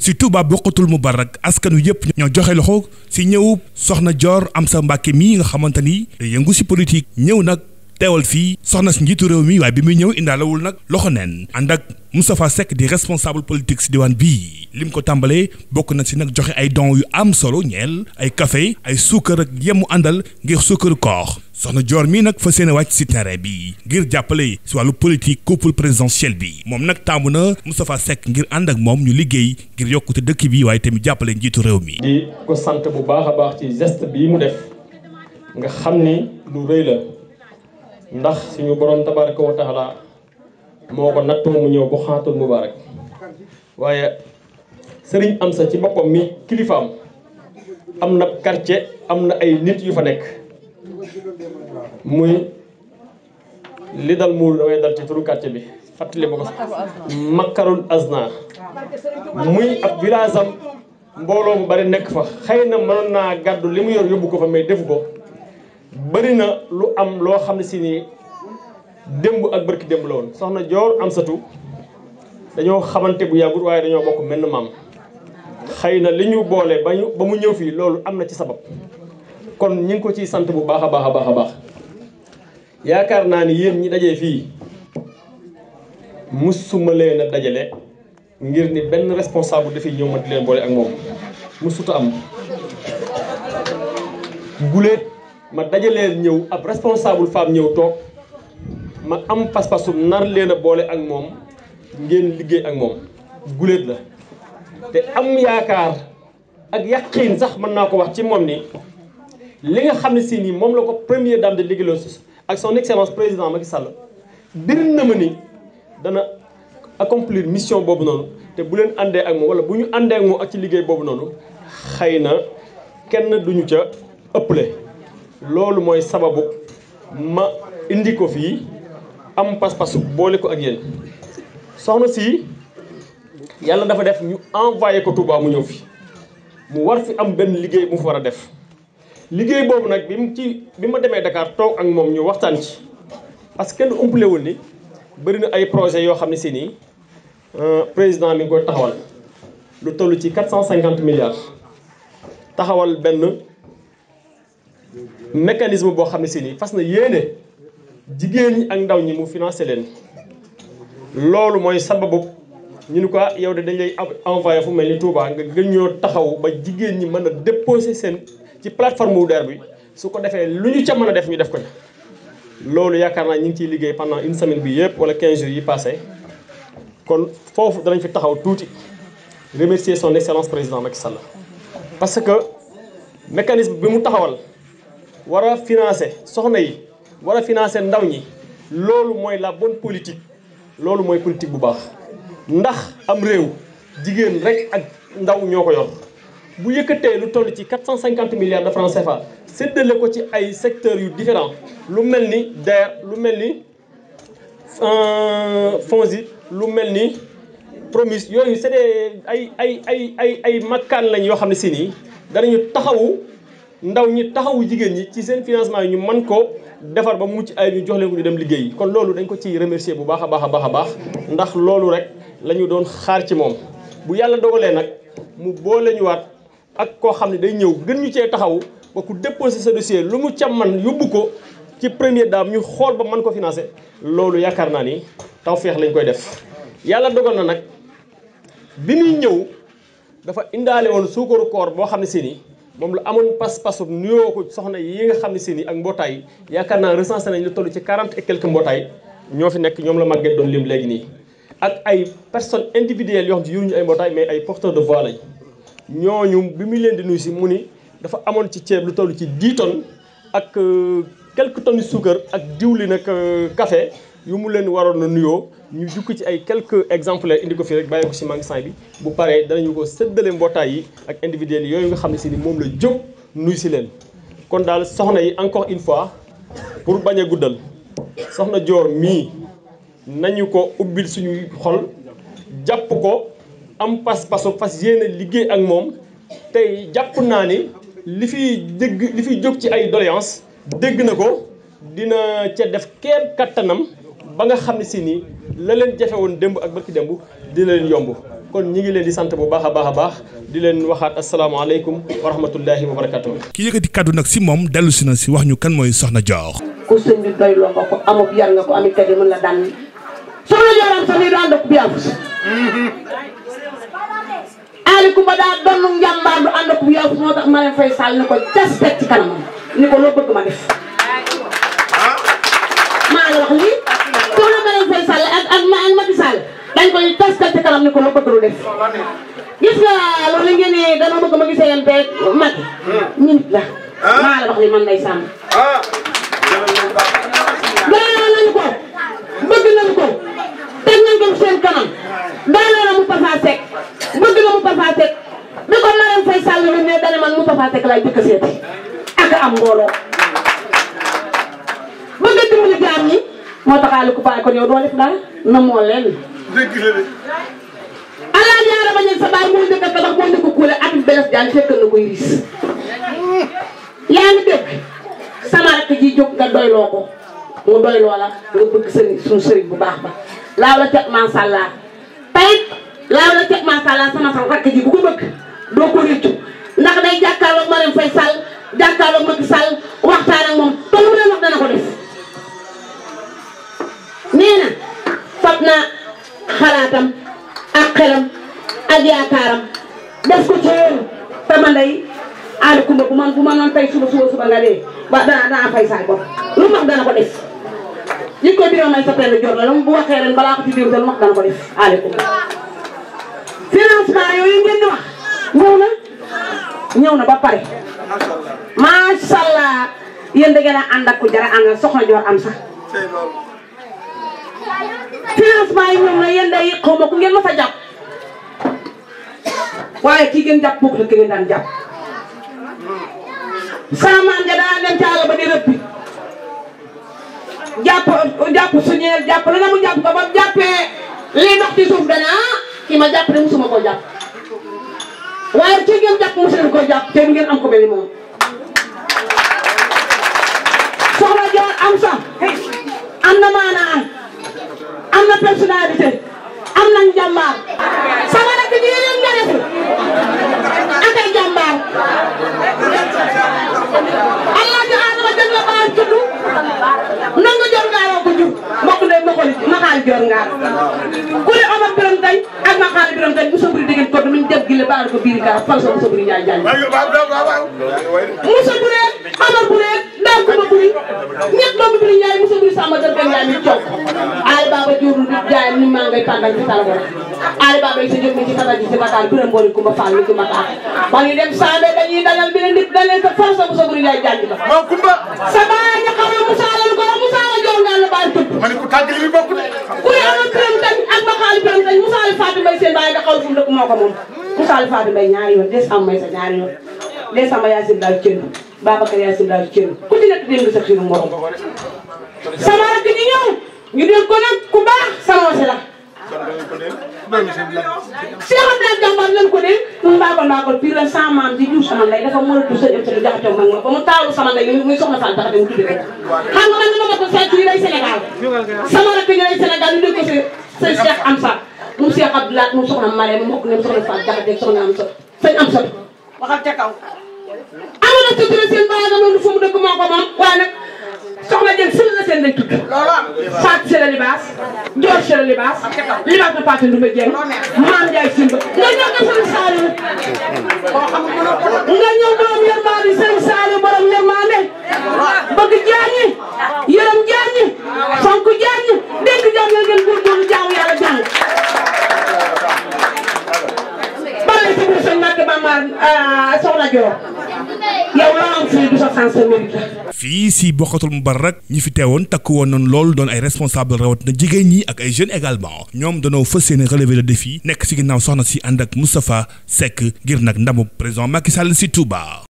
ci Touba bokkatul mubarak askanu yëpp ñoo joxe loxo ci ñëw soxna Dior Amsa Mbàkke mii nga xamante ni yëngu ci politik ñëw nag teewal fii soxna si njiitu réew mi waaye bi muy ñëw indaalawul nag loxo neen ànd ak Moustapha Seck di responsable politique si diwaan bii mu ko tàmbalee bokk na si nag joxe ay dons yu am solo ñeel ay café ay suukar ak yemu àndal ngir suukaru koor soxna joor mii nag fa seen wàcc si terrain bi ngir jàppale si wàllu politique couple présidentiel bi moom nag tàmbu na Moustapha Seck ngir ànd ak moom ñu liggéey ngir yokkute dëkk bi waaye tamit jàppale njiitu réew mi. ndax suñu borom tabaraka wa taala moo ko nattoo mu ñëw bu xaatul mubaarak waaye sëriñ am sa ci boppam mi kilifaam am na quartier am na ay nit yu fa nekk muy li dal muul damay dal ci turu quartier bi fàttali ma ko Makarul muy ab village am mbooloo mu bari nekk fa xëy na mënoon naa gàddu li mu yor yóbbu ko fa mais defu ko bëri na lu am loo xam ne si nii démb ak bërki démb la soxna joor am satu dañoo xamante bu yàggul waaye dañoo bokk menn maam xëy na li ñu boole ba ba mu ñëw fii loolu am na ci sabab kon ñu ngi ko ciy sant bu baax a baax a baax a baax yaakaar naa ni yéen ñi dajee fii musuma leen a dajale ngir ni benn responsable dafay ñëw ma di leen boole ak moom musuta am guléet ma dajalee ñëw ab responsable femme ñëw toog ma am pas-pasu nar leen a boole ak moom ngeen liggéey ak moom guléet la te am yaakaar ak yaqiin sax mën naa ko wax ci moom ni li nga xam ne si nii moom la ko première dame de liggéeyloo ak son excellence président Macky Sall bir na ma ni dana accomplir mission boobu noonu te bu leen àndee ak moom wala bu ñu àndee ak moom ak ci liggéey boobu noonu xëy na kenn duñu ca ëpple loolu mooy sababu ma indi ko fii am pas-pas boole ko ak yéen soxna si yàlla dafa def ñu envoyé ko Touba mu ñëw fi mu war fi am benn liggéey bu mu fa war a def liggéey boobu nag bi mu ci bi ma demee Dakar toog ak moom ñu waxtaan ci parce que kenn umpale wul ni bëri na ay projet yoo xam ne si nii euh, président mi ngi koy taxawal lu toll ci 450 milliards taxawal benn. mécanisme boo xam ne si nii fas na yéene jigéen ñi ak ndaw ñi mu financé leen loolu mooy sababu ñu ni ko ah, yow de dañ lay envoyé fu mel ni Touba nga gën ñoo taxaw ba jigéen ñi mën a si seen ci plateforme wu DER bi su ko defee lu ñu ca mën a def ñu def ko ci. loolu yaakaar naa ñu ngi ciy liggéey pendant une semaine bi yëpp wala 15 jours yi passé kon foofu danañ fi taxaw tuuti remercier son excellence président Macky Sall parce que mécanisme bi mu taxawal. war a financer soxna yi war a ndaw ñi loolu mooy la bonne politique loolu mooy politique bu baax ndax am réew jigéen rek ak ndaw ñoo ko yor bu yëkkatee lu toll ci 450 milliards de francs CFA séddale ko ci ay secteurs yu différents lu mel ni DER lu mel ni euh, fonds yi lu mel ni promise yooyu c'est des ay ay ay ay ay makkaan lañ yoo xam ne si nii danañu taxawu ndaw ñi taxawu jigéen ñi ci seen financement yi ñu mën koo defar ba mucc ay ñu jox leen ko dem liggéey kon loolu dañ ko ciy remercier bu baax a baax a baax ndax loolu rek la ñu doon xaar ci moom bu yàlla dogalee nag mu boole ñu waat ak koo xam ne day ñëw gën ñu cee taxaw ba ku si sa dossier lu mu ca man yóbbu ko ci premier dame ñu xool ba mën ko financé loolu yaakaar naa ni tawféex lañ koy def yàlla dogal na nag bi muy ñëw dafa indaale woon suukaru koor boo xam ne si ni moom la amoon pas-pasu nuyoo ko soxna yi nga xam ne seen yi ak mbootaay yi yaakaar naa recensé nañ la tollu ci quarante et quelques mbootaay ñoo fi nekk ñoom la màgget doon lim léegi nii ak ay personnes individuelles yoo xam ne yoruñu ay mbootaay mais ay porteurs de voix lañ ñooñu bi muy leen di nuyu si mu ni dafa amoon ci ceeb lu toll ci 10 tonnes ak euh, quelques tonnes suukar ak diwlin ak euh, café yu mu leen waroon na nuyoo ñu jukki ci ay quelques exemplaires indi ko fii rek bàyyi ko si magasin bi bu paree danañu ko séddale mbootaay yi ak individuels yooyu nga xam ne si ni moom la jóg nuy si leen kon daal soxna yi encore une fois pour bañ a guddal soxna joor mii nañu ko ubbil suñuy xol jàpp ko am pas-pasu fas yéene liggéey ak moom tey jàpp naa ni li fi dégg li fiy jóg ci ay doléance dégg na ko dina ca def kéem kattanam ba nga xam ne si nii la leen jafe ak barki démb dina leen yomb kon ñi ngi leen di sant bu baax a baax a baax di leen waxaat asalaamaaleykum wa rahmatullahi wa barakatuh ki yëkkati kàddu nag si moom dellu na si wax ñu kan mooy soxna Dior ku sëñ bi doy loo nga ko amub yar nga ko amit sax ni daa donnu njàmbaar du ànd ak bu yàgg moo tax ma leen fay sàll ni ko jas ci kanamam ni ko loo bëgg ma def national dañ koy taskal ci kanam ni ko lu bëgg lu def gis nga loolu ngeen ne dama bëgg ma gisee yéen beeg Macky hmm. la ah. maa la wax li man lay yow doo def moo leen. dégg nga de. alaal yaara sa baay moo njëkk a tabax moo njëkk a kuule at bi jaan fekk na koy riis. yaa ngi sama rakk ji jóg nga doyloo ko mu doyloo la nga bëgg sëriñ suñu sëriñ bu baax ba laaw la teg macha allah laaw la teg macha allah sama rakk ji bu ko bëgg doo ko réccu ndax day jàkkaarloog Marème Faye Sall jàkkaarloog yaakaaram def ko ci yéen te man day aada kumba bu man bu ma noon tey suba suba suba nga dee waaw danaa danaa fay saay bor lu mu wax dana ko def li ko biroon may soppeel a jot la bu waxee ren balaa ko ci diw te lu mu wax dana ko def aada kumba financement yooyu ngeen di wax ñëw na ñëw na ba pare macha allah yéen da ngeen a ànd ak ku jara àndal soxna joor am sax financement yi ñoom na yéen day xaw ma ku ngeen ma fa jàpp waaye kii ngeen jàpp bokkul ak ki ngeen daan jàpp. saamaan ja daan dem caala ba di rëbbi jàpp jàpp suñeel jàpp la na mu jàpp ko ba waaye kii ngeen jàpp musu leen koo jàpp te ngeen am ko mel ni moom. am sax am na maanaam am na personnalité am na njàmbaar sama nag yéen a ngi akay jàmbaar allah ji adama jël la baal juddu nangu jor ngaaro ko jur mbokk ndey xaal jor ngaar ku ne amat biram tay ak ma xaal biram tay bu sobri degen ko min def gile baal ko gaar fal so sobri ñaa jaay musa bu ne bi ñett doomu bi Ndiaye Moussa Ndour Samba Diop Ndiaye mi coow Ali Baba Diouf Ndiaye ni maa ngay tàngal ci Talla Ali Baba yi sa jóg mi ci tata ji ci Matar Birame Mbori Koumba Fall mi ci Matar ba ñu dem Sambé dañuy dalal bi ne nit dalee sa force Moussa Ndour Ndiaye jàng ba ma Koumba sa baay ñu xam ne Moussa la ko wax Moussa la joor nga la baal tudd ma ne ko tàggal mi bokk de ku yàlla këram dañ ak ba xaali këram dañ Moussa la Fatou Mbaye seen baay nga xaw fu dëkk moo ko moom Moussa la Fatou Mbaye ñaari yoon des am may sa ñaari yoon des sama Yacine daal cënd Babacar Yacine daal di cëru ku ci nekk dégg nga sa xiru morom sama rakk di ñëw ñu dégg ko nag ku baax sama wasi la. Cheikh Abdoulaye Jambar lañ ko dégg mu mbaagoon mbaagoon pire la sama maam di jur sama lay dafa mën a tudd sa jëm sa di jaxatoo mag ma ba mu taawu sama lay muy soxna Fall tax dem tudde xam nga man dama bokk saytu yi lay Sénégal sama rakk ñu lay Sénégal ñu dégg ko sa Cheikh Amsa moom Cheikh Abdoulaye moom soxna Marème moom mbokk nañ soxna Fall jaxatee soxna Amsa sëñ Amsa waxal ca kaw a na tudd na seen bàyyi nga loolu fu mu dëkk moo ko moom waaye nag soxna Dieng sële na seen lañ tudd. loolu am Fatou Seye la libaas. Dior Seye la libaas. libaas na Fatou Ndoumbe Dieng. Maam Ndiaye Simba. nga ñëw nga sëriñ Saliou. nga ñëw borom yërmaande sëriñ Saliou borom yërmaande bëgg jaañi. fii si bokkatul mubarak ñi fi teewoon takk woon nañ lool doon ay responsable rawat na jigéen ñi ak ay jeunes également ñoom danoo fas yéene relever le défi nekk si ginnaaw soxna si ànd ak Moustapha Seck ngir nag ndamu président Macky Sall si Touba